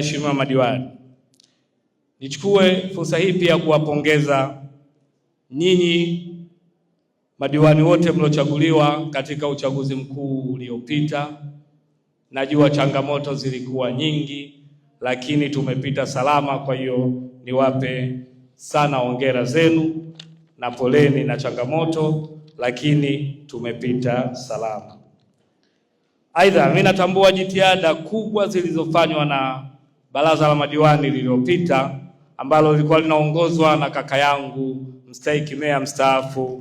waheshimiwa madiwani, nichukue fursa hii pia kuwapongeza nyinyi madiwani wote mliochaguliwa katika uchaguzi mkuu uliopita. Najua changamoto zilikuwa nyingi, lakini tumepita salama. Kwa hiyo niwape sana hongera zenu na poleni na changamoto, lakini tumepita salama. Aidha, mimi natambua jitihada kubwa zilizofanywa na baraza la madiwani lililopita ambalo lilikuwa linaongozwa na kaka yangu mstahiki meya mstaafu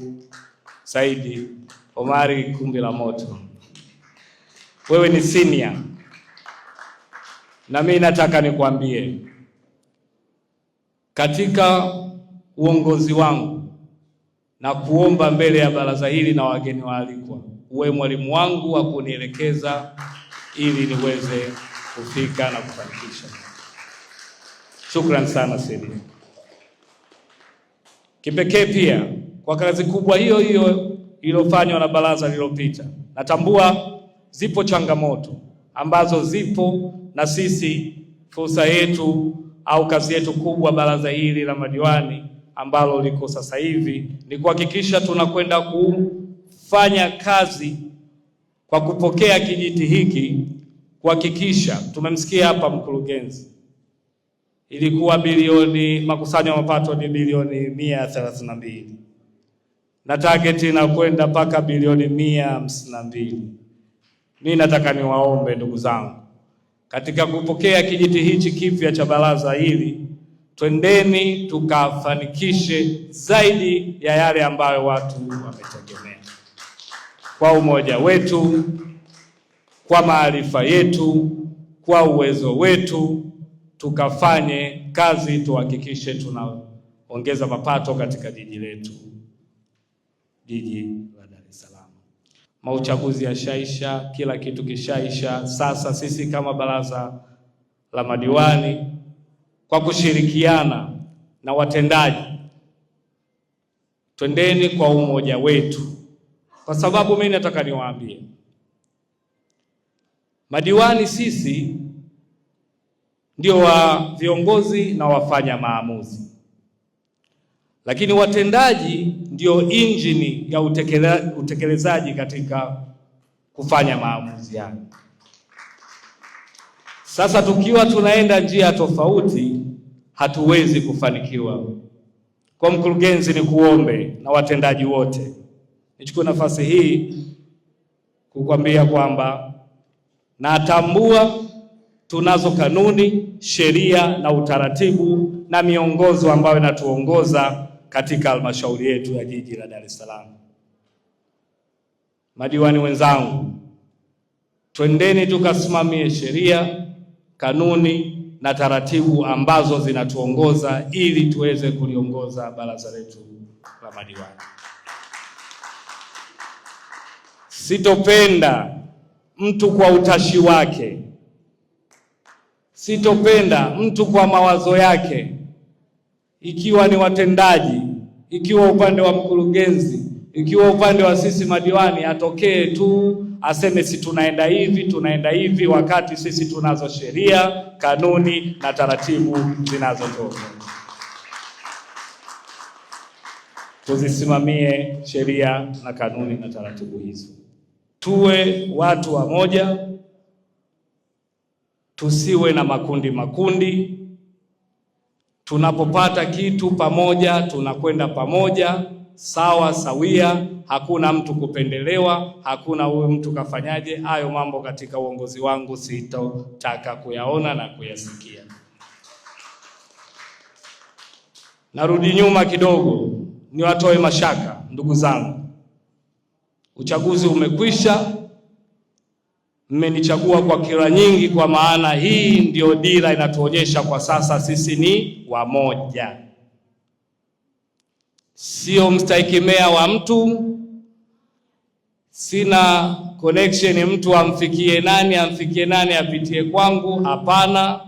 Saidi Omari Kumbi la Moto. Wewe ni senior na mimi nataka nikwambie, katika uongozi wangu na kuomba mbele ya baraza hili na wageni waalikwa, uwe mwalimu wangu wa kunielekeza ili niweze kufika na kufanikisha. Shukran sana Sidi. Kipekee pia kwa kazi kubwa hiyo hiyo iliyofanywa na baraza lililopita, natambua zipo changamoto ambazo zipo na sisi, fursa yetu au kazi yetu kubwa baraza hili la madiwani ambalo liko sasa hivi ni kuhakikisha tunakwenda kufanya kazi kwa kupokea kijiti hiki kuhakikisha tumemsikia hapa mkurugenzi, ilikuwa bilioni makusanyo ya mapato ni bilioni mia thelathini na mbili na target inakwenda mpaka bilioni mia hamsini na mbili. Mimi nataka niwaombe ndugu zangu, katika kupokea kijiti hichi kipya cha baraza hili, twendeni tukafanikishe zaidi ya yale ambayo watu wametegemea kwa umoja wetu kwa maarifa yetu, kwa uwezo wetu, tukafanye kazi, tuhakikishe tunaongeza mapato katika jiji letu, jiji la Dar es Salaam. Mauchaguzi yashaisha, kila kitu kishaisha. Sasa sisi kama baraza la madiwani kwa kushirikiana na watendaji, twendeni kwa umoja wetu, kwa sababu mimi nataka niwaambie Madiwani sisi ndio wa viongozi na wafanya maamuzi, lakini watendaji ndio injini ya utekele, utekelezaji katika kufanya maamuzi yake. Sasa tukiwa tunaenda njia tofauti, hatuwezi kufanikiwa. Kwa mkurugenzi, ni kuombe na watendaji wote, nichukue nafasi hii kukwambia kwamba na atambua tunazo kanuni, sheria na utaratibu na miongozo ambayo inatuongoza katika halmashauri yetu ya jiji la Dar es Salaam. Madiwani wenzangu, twendeni tukasimamie sheria, kanuni na taratibu ambazo zinatuongoza ili tuweze kuliongoza baraza letu la madiwani. Sitopenda mtu kwa utashi wake, sitopenda mtu kwa mawazo yake, ikiwa ni watendaji, ikiwa upande wa mkurugenzi, ikiwa upande wa sisi madiwani, atokee tu aseme si tunaenda hivi tunaenda hivi, wakati sisi tunazo sheria, kanuni na taratibu zinazotoka. Tuzisimamie sheria na kanuni na taratibu hizo tuwe watu wamoja, tusiwe na makundi makundi. Tunapopata kitu pamoja, tunakwenda pamoja sawa sawia, hakuna mtu kupendelewa, hakuna huyu mtu kafanyaje. Hayo mambo katika uongozi wangu sitotaka kuyaona na kuyasikia. Narudi nyuma kidogo, niwatoe mashaka ndugu zangu. Uchaguzi umekwisha, mmenichagua kwa kura nyingi, kwa maana hii ndiyo dira inatuonyesha kwa sasa, sisi ni wamoja, sio mstahikimea wa mtu. Sina connection mtu amfikie nani amfikie nani apitie kwangu, hapana.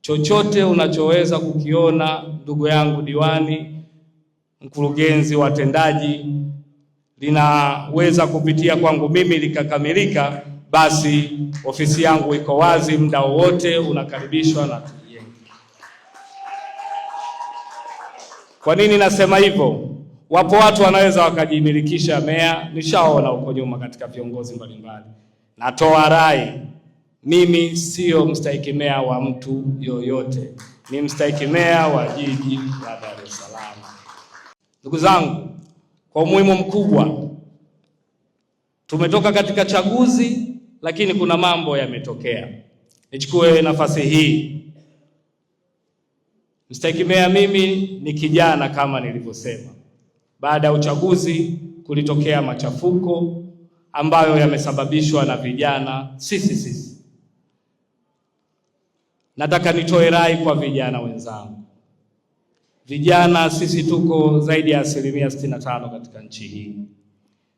Chochote unachoweza kukiona, ndugu yangu diwani, mkurugenzi, watendaji linaweza kupitia kwangu mimi likakamilika, basi ofisi yangu iko wazi muda wowote, unakaribishwa na tujenge. Kwa nini nasema hivyo? Wapo watu wanaweza wakajimilikisha meya, nishaona huko nyuma katika viongozi mbalimbali. Natoa rai, mimi sio mstahiki meya wa mtu yoyote, ni mstahiki meya wa jiji la Dar es Salaam. Ndugu zangu kwa umuhimu mkubwa. Tumetoka katika chaguzi, lakini kuna mambo yametokea. Nichukue nafasi hii, mstahiki meya, mimi ni kijana kama nilivyosema. Baada ya uchaguzi kulitokea machafuko ambayo yamesababishwa na vijana sisi sisi. Nataka nitoe rai kwa vijana wenzangu Vijana sisi tuko zaidi ya asilimia 65 katika nchi hii.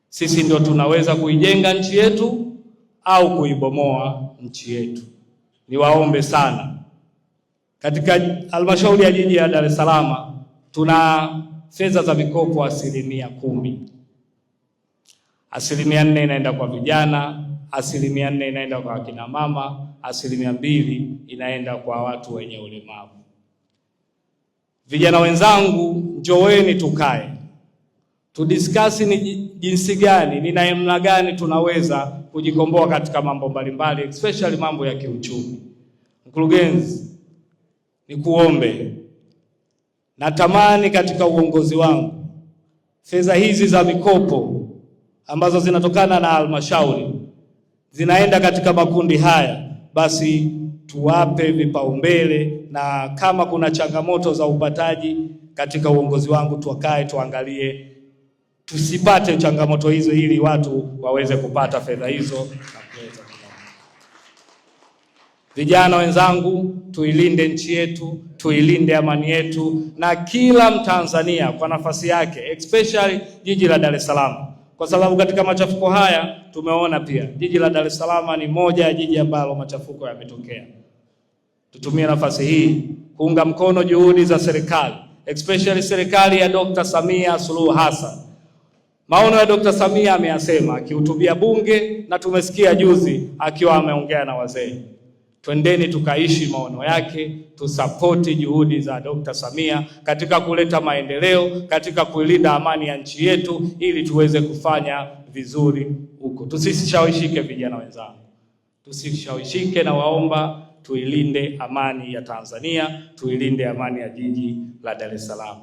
Sisi ndio tunaweza kuijenga nchi yetu au kuibomoa nchi yetu. Niwaombe sana, katika halmashauri ya jiji ya Dar es Salaam tuna fedha za mikopo asilimia kumi, asilimia nne inaenda kwa vijana, asilimia nne inaenda kwa akina mama, asilimia mbili inaenda kwa watu wenye ulemavu. Vijana wenzangu, njoweni tukae tudiskasi ni jinsi gani, ni namna gani tunaweza kujikomboa katika mambo mbalimbali, especially mambo ya kiuchumi. Mkurugenzi, nikuombe, natamani katika uongozi wangu fedha hizi za mikopo ambazo zinatokana na halmashauri zinaenda katika makundi haya basi tuwape vipaumbele, na kama kuna changamoto za upataji katika uongozi wangu, tuwakae tuangalie, tusipate changamoto hizo, ili watu waweze kupata fedha hizo Vijana wenzangu, tuilinde nchi yetu, tuilinde amani yetu, na kila Mtanzania kwa nafasi yake, especially jiji la Dar es Salaam kwa sababu katika machafuko haya tumeona pia jiji la Dar es Salaam ni moja ya jiji ambalo machafuko yametokea. Tutumie nafasi hii kuunga mkono juhudi za serikali especially serikali ya Dr. Samia Suluhu Hassan. Maono ya Dr. Samia ameyasema akihutubia Bunge, na tumesikia juzi akiwa ameongea na wazee. Twendeni tukaishi maono yake, tusapoti juhudi za Dr. Samia katika kuleta maendeleo, katika kuilinda amani ya nchi yetu, ili tuweze kufanya vizuri huko. Tusishawishike vijana wenzangu, tusishawishike na waomba, tuilinde amani ya Tanzania, tuilinde amani ya jiji la Dar es Salaam.